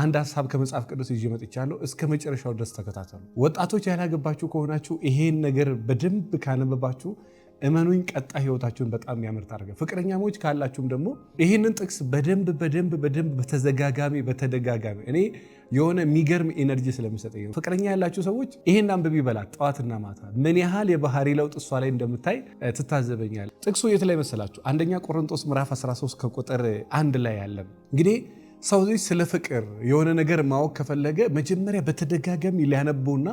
አንድ ሀሳብ ከመጽሐፍ ቅዱስ ይዤ መጥቻለሁ። እስከ መጨረሻው ድረስ ተከታተሉ። ወጣቶች ያላገባችሁ ከሆናችሁ ይሄን ነገር በደንብ ካነበባችሁ እመኑኝ፣ ቀጣይ ህይወታችሁን በጣም ያምር ታደርገ። ፍቅረኛሞች ካላችሁም ደግሞ ይህንን ጥቅስ በደንብ በደንብ በደንብ በተዘጋጋሚ በተደጋጋሚ እኔ የሆነ የሚገርም ኤነርጂ ስለሚሰጠኝ ፍቅረኛ ያላችሁ ሰዎች ይህን አንብቢ በላት ጠዋትና ማታ፣ ምን ያህል የባህሪ ለውጥ እሷ ላይ እንደምታይ ትታዘበኛል። ጥቅሱ የት ላይ መሰላችሁ? አንደኛ ቆሮንጦስ ምዕራፍ 13 ከቁጥር አንድ ላይ ያለም እንግዲህ ሰው ልጅ ስለ ፍቅር የሆነ ነገር ማወቅ ከፈለገ መጀመሪያ በተደጋጋሚ ሊያነቡና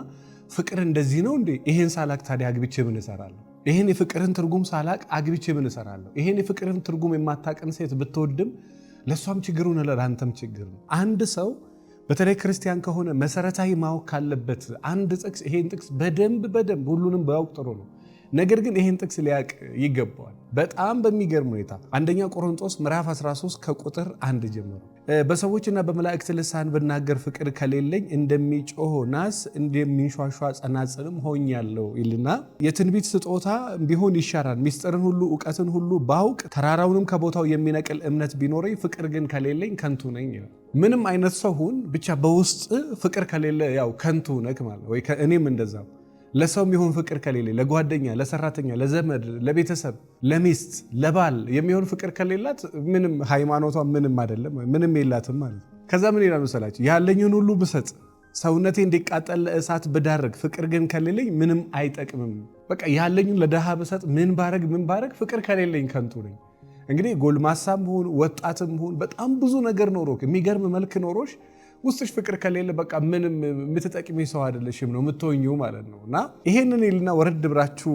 ፍቅር እንደዚህ ነው እንዴ? ይሄን ሳላቅ ታዲያ አግብቼ ምን እሰራለሁ? ይሄን የፍቅርን ትርጉም ሳላቅ አግብቼ ምን እሰራለሁ? ይሄን የፍቅርን ትርጉም የማታቀን ሴት ብትወድም ለእሷም ችግሩ ነው፣ ለአንተም ችግር ነው። አንድ ሰው በተለይ ክርስቲያን ከሆነ መሰረታዊ ማወቅ ካለበት አንድ ጥቅስ፣ ይሄን ጥቅስ በደንብ በደንብ ሁሉንም ባያውቅ ጥሩ ነው። ነገር ግን ይህን ጥቅስ ሊያቅ ይገባዋል። በጣም በሚገርም ሁኔታ አንደኛ ቆሮንጦስ ምዕራፍ 13 ከቁጥር አንድ ጀምሮ በሰዎችና በመላእክት ልሳን ብናገር ፍቅር ከሌለኝ እንደሚጮህ ናስ እንደሚንሿሿ ጸናጽልም ሆኛለሁ ይልና የትንቢት ስጦታ ቢሆን ይሻራል። ሚስጥርን ሁሉ እውቀትን ሁሉ ባውቅ ተራራውንም ከቦታው የሚነቅል እምነት ቢኖረኝ፣ ፍቅር ግን ከሌለኝ ከንቱ ነኝ ይላል። ምንም አይነት ሰው ሁን ብቻ በውስጥ ፍቅር ከሌለ ያው ከንቱ ነክ ማለት ወይ እኔም እንደዛ ለሰው የሚሆን ፍቅር ከሌለ ለጓደኛ፣ ለሰራተኛ፣ ለዘመድ፣ ለቤተሰብ፣ ለሚስት፣ ለባል የሚሆን ፍቅር ከሌላት ምንም ሃይማኖቷ ምንም አይደለም፣ ምንም የላትም ማለት ነው። ከዛ ምን ይላል መሰላችሁ? ያለኝን ሁሉ ብሰጥ ሰውነቴ እንዲቃጠል ለእሳት ብዳርግ ፍቅር ግን ከሌለኝ ምንም አይጠቅምም። በቃ ያለኝን ለድሃ ብሰጥ ምን ባረግ ምን ባረግ ፍቅር ከሌለኝ ከንቱ ነኝ። እንግዲህ ጎልማሳም ሁን ወጣትም ሁን በጣም ብዙ ነገር ኖሮ የሚገርም መልክ ኖሮሽ ውስጥሽ ፍቅር ከሌለ በቃ ምንም የምትጠቅሚ ሰው አይደለሽም ነው የምትወኘው ማለት ነው። እና ይሄንን ይልና ወረድ ብራችሁ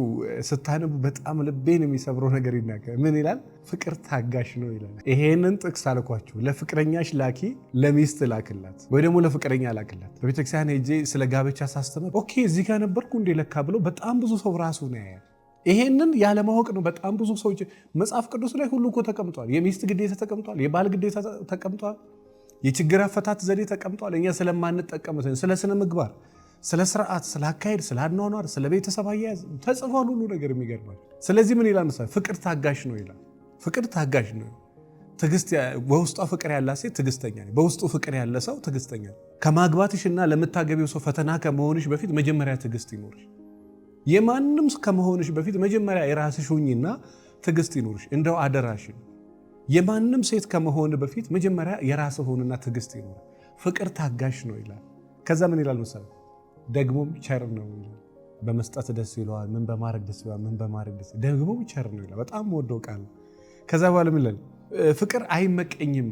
ስታነቡ በጣም ልቤን የሚሰብረው ነገር ይናገር። ምን ይላል? ፍቅር ታጋሽ ነው ይላል። ይሄንን ጥቅስ አልኳችሁ። ለፍቅረኛሽ ላኪ፣ ለሚስት ላክላት፣ ወይ ደግሞ ለፍቅረኛ ላክላት። በቤተክርስቲያን ሄጄ ስለ ጋብቻ ሳስተምር ኦኬ እዚህ ጋር ነበርኩ እንዴ ለካ ብሎ በጣም ብዙ ሰው ራሱ ነው ያያል። ይሄንን ያለማወቅ ነው። በጣም ብዙ ሰዎች መጽሐፍ ቅዱስ ላይ ሁሉ እኮ ተቀምጧል። የሚስት ግዴታ ተቀምጧል። የባል ግዴታ ተቀምጧል። የችግር አፈታት ዘዴ ተቀምጧል። እኛ ስለማንጠቀምት ስለ ስነ ምግባር፣ ስለ ስርዓት፣ ስለ አካሄድ፣ ስለ አኗኗር፣ ስለ ቤተሰብ አያያዝ ተጽፏል ሁሉ ነገር የሚገርማል። ስለዚህ ምን ይላል መሰለህ? ፍቅር ታጋሽ ነው ይላል። ፍቅር ታጋሽ ነው። በውስጧ ፍቅር ያላት ሴት ትግስተኛ፣ በውስጡ ፍቅር ያለ ሰው ከማግባትሽ እና ለምታገቢው ሰው ፈተና ከመሆንሽ በፊት መጀመሪያ ትዕግስት ይኖርሽ። የማንም ከመሆንሽ በፊት መጀመሪያ የራስሽ ሁኝና ትግስት ይኖርሽ። እንደው አደራሽን የማንም ሴት ከመሆን በፊት መጀመሪያ የራስ ሆንና ትዕግስት ይኖር። ፍቅር ታጋሽ ነው ይላል። ከዛ ምን ይላል መሰለ ደግሞም ቸር ነው በመስጠት ደስ ይለዋል፣ ምን በማድረግ ደስ ይለዋል፣ ምን በማድረግ ደስ ደግሞም ቸር ነው ይላል። በጣም ወደው ቃል። ከዛ በኋላ ምን ይላል? ፍቅር አይመቀኝም።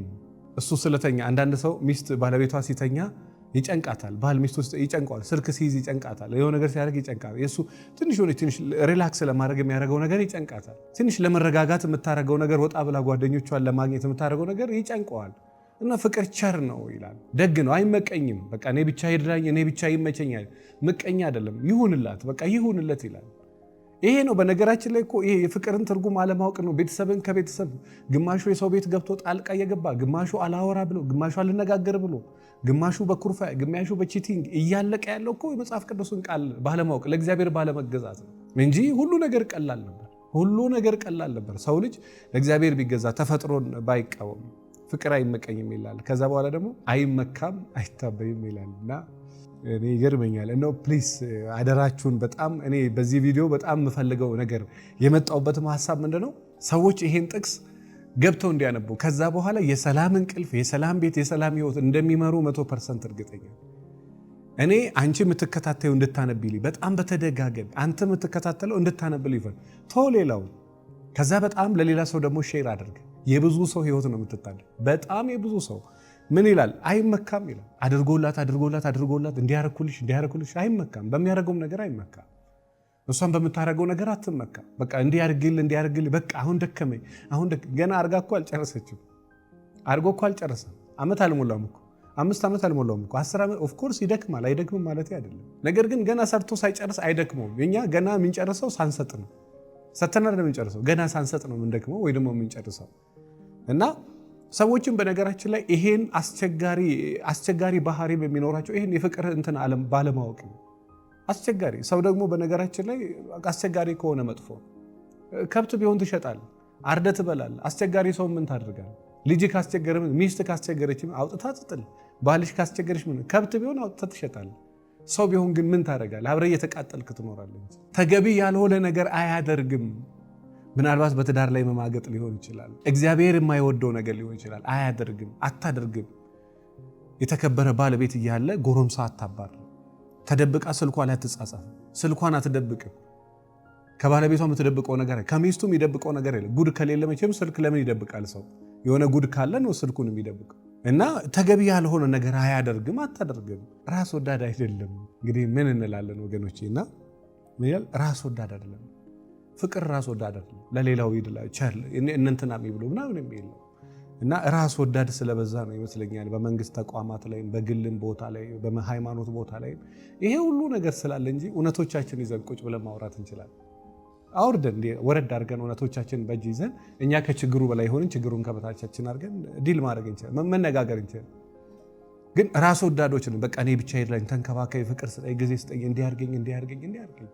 እሱ ስለተኛ አንዳንድ ሰው ሚስት ባለቤቷ ሲተኛ ይጨንቃታል። ባል ሚስቱ ይጨንቀዋል። ስልክ ሲይዝ ይጨንቃታል። የሆነ ነገር ሲያደርግ ይጨንቃታል። የእሱ ትንሽ ሆነ ትንሽ ሪላክስ ለማድረግ የሚያደርገው ነገር ይጨንቃታል። ትንሽ ለመረጋጋት የምታደርገው ነገር፣ ወጣ ብላ ጓደኞቿን ለማግኘት የምታደርገው ነገር ይጨንቀዋል። እና ፍቅር ቸር ነው ይላል። ደግ ነው፣ አይመቀኝም። በቃ እኔ ብቻ ይርዳኝ፣ እኔ ብቻ ይመቸኛል። ምቀኛ አይደለም። ይሁንላት፣ በቃ ይሁንለት ይላል። ይሄ ነው። በነገራችን ላይ እኮ ይሄ የፍቅርን ትርጉም አለማወቅ ነው። ቤተሰብን ከቤተሰብ ግማሹ የሰው ቤት ገብቶ ጣልቃ እየገባ ግማሹ አላወራ ብሎ ግማሹ አልነጋገር ብሎ ግማሹ በኩርፋ ግማሹ በቺቲንግ እያለቀ ያለው እኮ የመጽሐፍ ቅዱስን ቃል ባለማወቅ ለእግዚአብሔር ባለመገዛት ነው እንጂ ሁሉ ነገር ቀላል ነበር። ሁሉ ነገር ቀላል ነበር። ሰው ልጅ ለእግዚአብሔር ቢገዛ ተፈጥሮን ባይቃወም ፍቅር አይመቀኝም ይላል። ከዛ በኋላ ደግሞ አይመካም አይታበይም ይላል እና እኔ ይገርመኛል። እነሆ ፕሊስ አደራችሁን በጣም እኔ በዚህ ቪዲዮ በጣም የምፈልገው ነገር የመጣውበትም ሀሳብ ምንድን ነው ሰዎች ይሄን ጥቅስ ገብተው እንዲያነቡ ከዛ በኋላ የሰላም እንቅልፍ፣ የሰላም ቤት፣ የሰላም ህይወት እንደሚመሩ መቶ ፐርሰንት እርግጠኛ እኔ አንቺ የምትከታተዩ እንድታነብልኝ በጣም በተደጋገም አንተ የምትከታተለው እንድታነብል ይፈል ቶ ሌላው ከዛ በጣም ለሌላ ሰው ደግሞ ሼር አድርግ። የብዙ ሰው ህይወት ነው የምትታለ በጣም የብዙ ሰው ምን ይላል? አይመካም ይላል። አድርጎላት አድርጎላት አድርጎላት እንዲያረኩልሽ እንዲያረኩልሽ አይመካም። በሚያደርገውም ነገር አይመካም። እሷን በምታደርገው ነገር አትመካም። በቃ እንዲያርግል እንዲያርግል በቃ አሁን ደከመኝ አሁን ገና አርጋ እኮ አልጨረሰችም። አርጎ እኮ አልጨረሰም። ዓመት አልሞላውም እኮ አምስት ዓመት አልሞላውም እኮ አስር ዓመት ኦፍኮርስ ይደክማል። አይደክምም ማለት አይደለም። ነገር ግን ገና ሰርቶ ሳይጨርስ አይደክመውም። እኛ ገና የምንጨርሰው ሳንሰጥ ነው። ሰተናል የምንጨርሰው ገና ሳንሰጥ ነው የምንደክመው ወይ ደግሞ የምንጨርሰው እና ሰዎችም በነገራችን ላይ ይሄን አስቸጋሪ ባህሪ በሚኖራቸው ይሄን የፍቅር እንትን አለም ባለማወቅ ነው። አስቸጋሪ ሰው ደግሞ በነገራችን ላይ አስቸጋሪ ከሆነ መጥፎ ከብት ቢሆን ትሸጣል፣ አርደ ትበላል። አስቸጋሪ ሰው ምን ታደርጋል? ልጅ ካስቸገረ፣ ሚስት ካስቸገረች አውጥታ ትጥል፣ ባልሽ ካስቸገረች ምን ከብት ቢሆን አውጥታ ትሸጣል። ሰው ቢሆን ግን ምን ታደርጋል? አብረ እየተቃጠልክ ትኖራለች። ተገቢ ያልሆነ ነገር አያደርግም። ምናልባት በትዳር ላይ መማገጥ ሊሆን ይችላል። እግዚአብሔር የማይወደው ነገር ሊሆን ይችላል። አያደርግም፣ አታደርግም። የተከበረ ባለቤት እያለ ጎረምሳ አታባር። ተደብቃ ስልኳ ላይ አትጻጻፍ። ስልኳን አትደብቅም። ከባለቤቷ የምትደብቀው ነገር ከሚስቱ የሚደብቀው ነገር የለም። ጉድ ከሌለ መቼም ስልክ ለምን ይደብቃል ሰው? የሆነ ጉድ ካለ ነው ስልኩን የሚደብቀው። እና ተገቢ ያልሆነ ነገር አያደርግም፣ አታደርግም። ራስ ወዳድ አይደለም። እንግዲህ ምን እንላለን ወገኖቼ? እና ራስ ወዳድ አይደለም። ፍቅር ራስ ወዳድ ለሌላው ይድላ ቸል እንንትና የሚብሉ ምናምን የሚል ነው እና ራስ ወዳድ ስለበዛ ነው ይመስለኛል። በመንግስት ተቋማት ላይ በግልም ቦታ ላይ በሃይማኖት ቦታ ላይ ይሄ ሁሉ ነገር ስላለ እንጂ እውነቶቻችን ይዘን ቁጭ ብለን ማውራት እንችላለን። አውርደን ወረድ አድርገን እውነቶቻችን በእጅ ይዘን እኛ ከችግሩ በላይ ሆንን፣ ችግሩን ከበታቻችን አድርገን ዲል ማድረግ እንችላለን፣ መነጋገር እንችላለን። ግን ራስ ወዳዶች በቃ እኔ ብቻ ሄድላኝ ተንከባካይ ፍቅር ስጠኝ ጊዜ ስጠኝ እንዲያርገኝ እንዲያርገኝ እንዲያርገኝ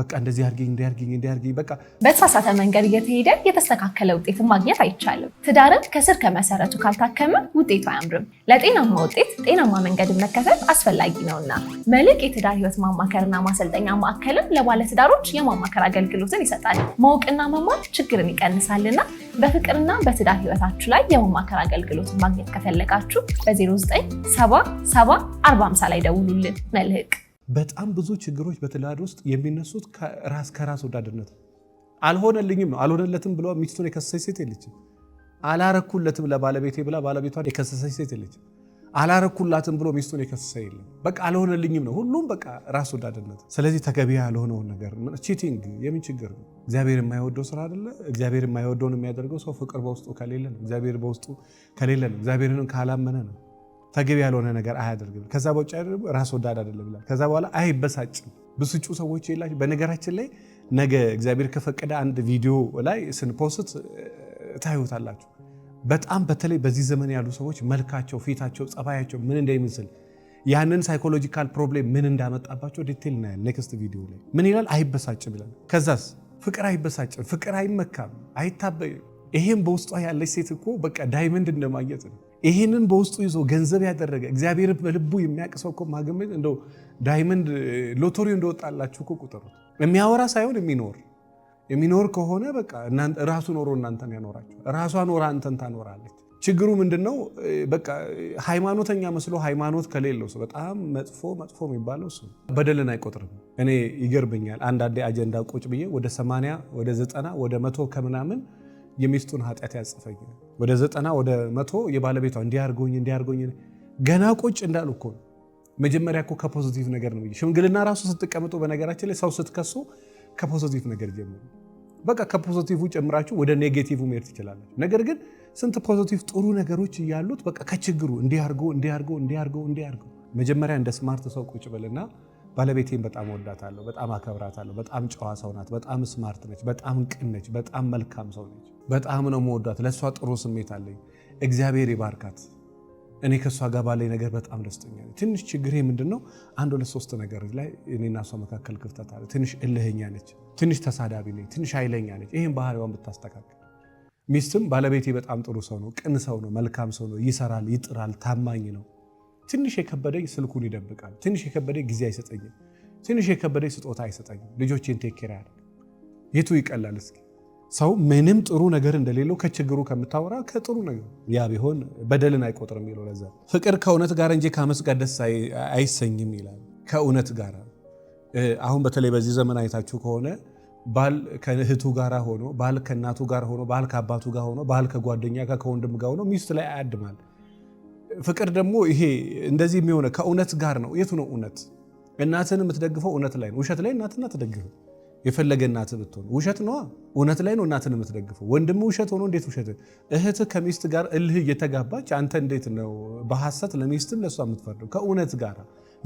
በቃ እንደዚህ አድርጊኝ እንዲያርጊኝ እንዲያርጊኝ በቃ በተሳሳተ መንገድ እየተሄደ የተስተካከለ ውጤትን ማግኘት አይቻልም። ትዳርን ከስር ከመሰረቱ ካልታከመ ውጤቱ አያምርም። ለጤናማ ውጤት ጤናማ መንገድን መከተል አስፈላጊ ነውና መልሕቅ የትዳር ህይወት ማማከርና ማሰልጠኛ ማዕከልም ለባለትዳሮች የማማከር አገልግሎትን ይሰጣል። ማወቅና መማር ችግርን ይቀንሳልና በፍቅርና በትዳር ህይወታችሁ ላይ የማማከር አገልግሎትን ማግኘት ከፈለጋችሁ በ0977 ላይ ደውሉልን። መልሕቅ በጣም ብዙ ችግሮች በትዳር ውስጥ የሚነሱት ራስ ከራስ ወዳድነት አልሆነልኝም ነው። አልሆነለትም ብሎ ሚስቱን የከሰሰች ሴት የለችም። አላረኩለትም ለባለቤቴ ብላ ባለቤቷን የከሰሰች ሴት የለችም። አላረኩላትም ብሎ ሚስቱን የከሰሰ የለም። በቃ አልሆነልኝም ነው። ሁሉም በቃ ራስ ወዳድነት። ስለዚህ ተገቢ ያልሆነውን ነገር ቺቲንግ የምን ችግር ነው? እግዚአብሔር የማይወደው ስራ አይደለ? እግዚአብሔር የማይወደውን የሚያደርገው ሰው ፍቅር በውስጡ ከሌለ ነው። እግዚአብሔር በውስጡ ከሌለ ነው። እግዚአብሔርን ካላመነ ነው። ተገቢ ያልሆነ ነገር አያደርግም። ከዛ በውጭ ራስ ወዳድ አይደለም ይላል። ከዛ በኋላ አይበሳጭም። ብስጩ ሰዎች የላቸው። በነገራችን ላይ ነገ እግዚአብሔር ከፈቀደ አንድ ቪዲዮ ላይ ስንፖስት ታዩታላችሁ። በጣም በተለይ በዚህ ዘመን ያሉ ሰዎች መልካቸው፣ ፊታቸው፣ ጸባያቸው ምን እንደሚመስል ያንን ሳይኮሎጂካል ፕሮብሌም ምን እንዳመጣባቸው ዲቴል እናያለን ኔክስት ቪዲዮ ላይ። ምን ይላል? አይበሳጭም ይላል። ከዛስ ፍቅር አይበሳጭም፣ ፍቅር አይመካም፣ አይታበይም። ይሄም በውስጧ ያለች ሴት እኮ በቃ ዳይመንድ እንደማግኘት ነው። ይህንን በውስጡ ይዞ ገንዘብ ያደረገ እግዚአብሔር በልቡ የሚያውቅ ሰው እኮ እንደው ዳይመንድ ሎተሪ እንደወጣላችሁ እኮ ቁጠሩት። የሚያወራ ሳይሆን የሚኖር የሚኖር ከሆነ በቃ ራሱ ኖሮ እናንተን ያኖራችሁ፣ ራሷ ኖራ አንተን ታኖራለች። ችግሩ ምንድነው? በቃ ሃይማኖተኛ መስሎ ሃይማኖት ከሌለው ሰው በጣም መጥፎ መጥፎ የሚባለው እሱ በደልን አይቆጥርም። እኔ ይገርብኛል አንዳንዴ አጀንዳ ቁጭ ብዬ ወደ ሰማንያ ወደ ዘጠና ወደ መቶ ከምናምን የሚስቱን ኃጢአት ያጸፈኝ ወደ ዘጠና ወደ መቶ የባለቤቷ እንዲያርጎኝ እንዲያርጎኝ ገና ቁጭ እንዳሉ እኮ መጀመሪያ እኮ ከፖዚቲቭ ነገር ነው። ሽምግልና ራሱ ስትቀምጡ፣ በነገራችን ላይ ሰው ስትከሱ ከፖዚቲቭ ነገር ጀምሩ። በቃ ከፖዚቲቭ ጨምራችሁ ወደ ኔጌቲቭ መሄድ ትችላለች። ነገር ግን ስንት ፖዚቲቭ ጥሩ ነገሮች እያሉት በቃ ከችግሩ እንዲያርጎ እንዲያርጎ እንዲያርጎ እንዲያርጎ መጀመሪያ እንደ ስማርት ሰው ቁጭ በልና ባለቤቴን በጣም ወዳታለሁ፣ በጣም አከብራታለሁ። በጣም ጨዋ ሰው ናት፣ በጣም ስማርት ነች፣ በጣም ቅን ነች፣ በጣም መልካም ሰው ነች። በጣም ነው መወዳት፣ ለእሷ ጥሩ ስሜት አለኝ። እግዚአብሔር ይባርካት። እኔ ከእሷ ጋር ባለኝ ነገር በጣም ደስተኛ ነኝ። ትንሽ ችግሬ ምንድን ነው? አንድ ሁለት ሶስት ነገር ላይ እኔና እሷ መካከል ክፍተት አለ። ትንሽ እልህኛ ነች፣ ትንሽ ተሳዳቢ ነች፣ ትንሽ ኃይለኛ ነች። ይህም ባህሪዋን ብታስተካከል ሚስትም ባለቤቴ በጣም ጥሩ ሰው ነው፣ ቅን ሰው ነው፣ መልካም ሰው ነው፣ ይሰራል፣ ይጥራል፣ ታማኝ ነው ትንሽ የከበደኝ ስልኩን ይደብቃል። ትንሽ የከበደኝ ጊዜ አይሰጠኝም። ትንሽ የከበደኝ ስጦታ አይሰጠኝም። ልጆቼን ቴክ ያደርግ የቱ ይቀላል? እስኪ ሰው ምንም ጥሩ ነገር እንደሌለው ከችግሩ ከምታወራ ከጥሩ ነገር ያ ቢሆን በደልን አይቆጥርም የሚለው ለዛ ፍቅር ከእውነት ጋር እንጂ ከአመፅ ጋር ደስ አይሰኝም ይላል። ከእውነት ጋር አሁን በተለይ በዚህ ዘመን አይታችሁ ከሆነ ባል ከእህቱ ጋር ሆኖ፣ ባል ከእናቱ ጋር ሆኖ፣ ባል ከአባቱ ጋር ሆኖ፣ ባል ከጓደኛ ከወንድም ጋር ሆኖ ሚስት ላይ አያድማል። ፍቅር ደግሞ ይሄ እንደዚህ የሚሆነ ከእውነት ጋር ነው። የቱ ነው እውነት? እናትን የምትደግፈው እውነት ላይ ነው። ውሸት ላይ እናትን ትደግፈው የፈለገ እናት ብትሆን ውሸት ነዋ። እውነት ላይ ነው እናትን የምትደግፈው። ወንድም ውሸት ሆኖ እንዴት ውሸት እህት ከሚስት ጋር እልህ እየተጋባች አንተ እንዴት ነው በሐሰት ለሚስትም ለእሷ የምትፈርደው? ከእውነት ጋር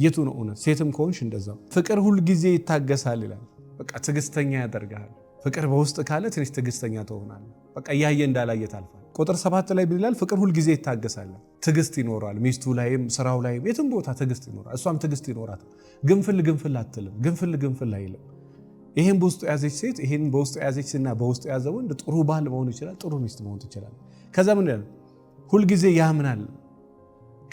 የቱ ነው እውነት? ሴትም ከሆንሽ እንደዛ። ፍቅር ሁልጊዜ ይታገሳል ይላል። በቃ ትዕግስተኛ ያደርግሃል። ፍቅር በውስጥ ካለ ትንሽ ትዕግስተኛ ትሆናለህ። በቃ እያየ እንዳላየ ታልፋል። ቁጥር ሰባት ላይ ብላል ፍቅር ሁልጊዜ ይታገሳል፣ ትግስት ይኖራል። ሚስቱ ላይም ስራው ላይም የትም ቦታ ትግስት ይኖራል፣ እሷም ትግስት ይኖራት ግንፍል ግንፍል አትልም፣ ግንፍል ግንፍል አይልም። ይህን በውስጡ የያዘች ሴት ይህን በውስጡ የያዘችና በውስጡ የያዘ ወንድ ጥሩ ባል መሆን ይችላል፣ ጥሩ ሚስት መሆን ትችላል። ከዛ ምን ሁልጊዜ ያምናል።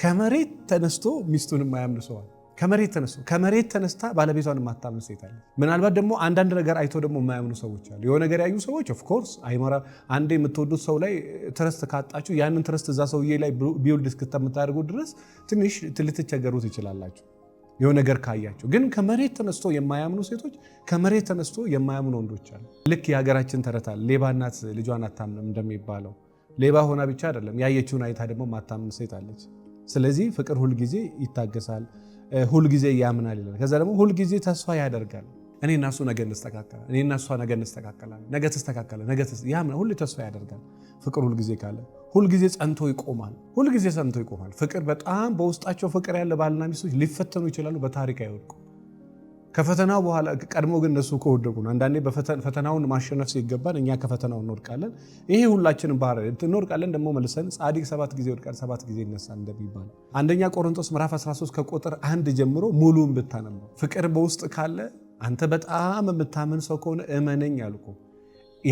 ከመሬት ተነስቶ ሚስቱንም አያምን ሰዋል ከመሬት ተነስቶ ከመሬት ተነስታ ባለቤቷን የማታምን ሴት አለ። ምናልባት ደግሞ አንዳንድ ነገር አይቶ ደግሞ የማያምኑ ሰዎች አሉ። የሆነ ነገር ያዩ ሰዎች ኦፍኮርስ አይመራ አንዴ የምትወዱት ሰው ላይ ትረስት ካጣችሁ ያንን ትረስት እዛ ሰውዬ ላይ ቢውልድ እስከምታደርጉት ድረስ ትንሽ ልትቸገሩ ትችላላችሁ። የሆነ ነገር ካያቸው ግን ከመሬት ተነስቶ የማያምኑ ሴቶች፣ ከመሬት ተነስቶ የማያምኑ ወንዶች አሉ። ልክ የሀገራችን ተረታል ሌባ እናት ልጇን አታምንም እንደሚባለው ሌባ ሆና ብቻ አይደለም ያየችውን አይታ ደግሞ ማታምን ሴት አለች። ስለዚህ ፍቅር ሁልጊዜ ይታገሳል። ሁልጊዜ ያምናል ይላል። ከዛ ደግሞ ሁልጊዜ ተስፋ ያደርጋል። እኔ እና እሱ ነገ እንስተካከላል፣ እኔ እና እሷ ነገ እንስተካከላል፣ ነገ ተስተካከለ፣ ነገ ያምናል። ሁሌ ተስፋ ያደርጋል። ፍቅር ሁልጊዜ ካለ ሁልጊዜ ጸንቶ ይቆማል። ሁልጊዜ ጸንቶ ይቆማል። ፍቅር በጣም በውስጣቸው ፍቅር ያለ ባልና ሚስቶች ሊፈተኑ ይችላሉ፣ በታሪክ አይወድቁ ከፈተናው በኋላ ቀድሞ ግን እነሱ ከወደቁ ነው። አንዳንዴ ፈተናውን ማሸነፍ ሲገባን እኛ ከፈተናው እንወድቃለን። ይሄ ሁላችንም ባህር እንወድቃለን። ደግሞ መልሰን ጻድቅ ሰባት ጊዜ ወድቃል ሰባት ጊዜ ይነሳል እንደሚባል አንደኛ ቆሮንቶስ ምዕራፍ 13 ከቁጥር አንድ ጀምሮ ሙሉን ብታነባ ፍቅር በውስጥ ካለ አንተ በጣም የምታምን ሰው ከሆነ እመነኝ አልኩ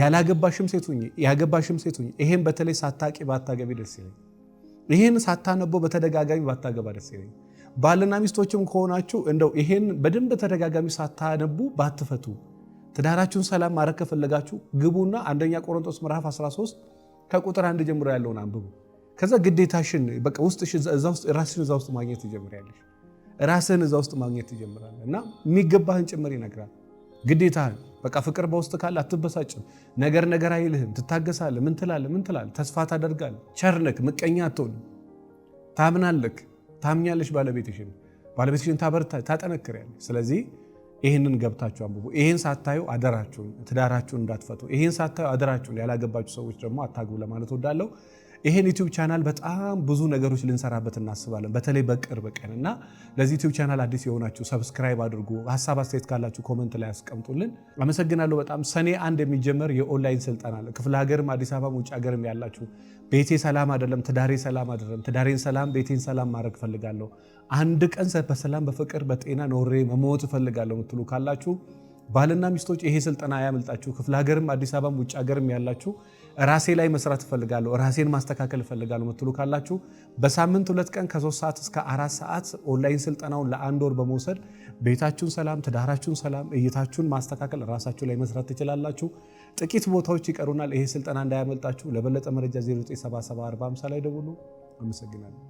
ያላገባሽም ሴት ሁኚ ያገባሽም ሴት ሁኚ። ይሄን በተለይ ሳታቂ ባታገቢ ደስ ይለኝ። ይህን ሳታነበው በተደጋጋሚ ባታገባ ደስ ይለኝ። ባልና ሚስቶችም ከሆናችሁ እንደው ይሄን በደንብ ተደጋጋሚ ሳታነቡ ባትፈቱ ትዳራችሁን ሰላም ማድረግ ከፈለጋችሁ ግቡና አንደኛ ቆሮንቶስ ምዕራፍ 13 ከቁጥር አንድ ጀምሮ ያለውን አንብቡ። ከዛ ግዴታሽን በቃ ውስጥ ራስሽን እዛ ውስጥ ማግኘት ትጀምሪያለሽ። ራስህን እዛ ውስጥ ማግኘት ትጀምራለህ እና የሚገባህን ጭምር ይነግራል። ግዴታ በቃ ፍቅር በውስጥ ካለ አትበሳጭም። ነገር ነገር አይልህም። ትታገሳለህ። ምን ትላለህ? ምን ትላለህ? ተስፋ ታደርጋለህ። ቸርነክ ምቀኛ አትሆንም። ታምናለክ ታምኛለሽ ባለቤትሽን ባለቤትሽን ታበርታ ታጠነክሪያለሽ። ስለዚህ ይህንን ገብታችሁ አንብቡ። ይህን ሳታዩ አደራችሁን ትዳራችሁን እንዳትፈቱ። ይህን ሳታዩ አደራችሁን ያላገባችሁ ሰዎች ደግሞ አታግቡ ለማለት ወዳለው ይሄን ዩቲዩብ ቻናል በጣም ብዙ ነገሮች ልንሰራበት እናስባለን፣ በተለይ በቅርብ ቀን እና ለዚህ ዩቲዩብ ቻናል አዲስ የሆናችሁ ሰብስክራይብ አድርጉ። ሀሳብ አስተያየት ካላችሁ ኮመንት ላይ ያስቀምጡልን። አመሰግናለሁ በጣም ሰኔ አንድ የሚጀመር የኦንላይን ስልጠና አለ። ክፍለ ሀገርም አዲስ አበባም ውጭ ሀገርም ያላችሁ ቤቴ ሰላም አይደለም፣ ትዳሬ ሰላም አይደለም፣ ትዳሬን ሰላም ቤቴን ሰላም ማድረግ ፈልጋለሁ፣ አንድ ቀን በሰላም በፍቅር በጤና ኖሬ መሞት እፈልጋለሁ ምትሉ ካላችሁ ባልና ሚስቶች ይሄ ስልጠና ያመልጣችሁ። ክፍለ ሀገርም አዲስ አበባም ውጭ ሀገርም ያላችሁ ራሴ ላይ መስራት እፈልጋለሁ፣ ራሴን ማስተካከል እፈልጋለሁ ምትሉ ካላችሁ በሳምንት ሁለት ቀን ከሶስት ሰዓት እስከ አራት ሰዓት ኦንላይን ስልጠናውን ለአንድ ወር በመውሰድ ቤታችሁን ሰላም፣ ትዳራችሁን ሰላም፣ እይታችሁን ማስተካከል፣ ራሳችሁ ላይ መስራት ትችላላችሁ። ጥቂት ቦታዎች ይቀሩናል። ይሄ ስልጠና እንዳያመልጣችሁ። ለበለጠ መረጃ 0974 ላይ ደውሉ። አመሰግናለሁ።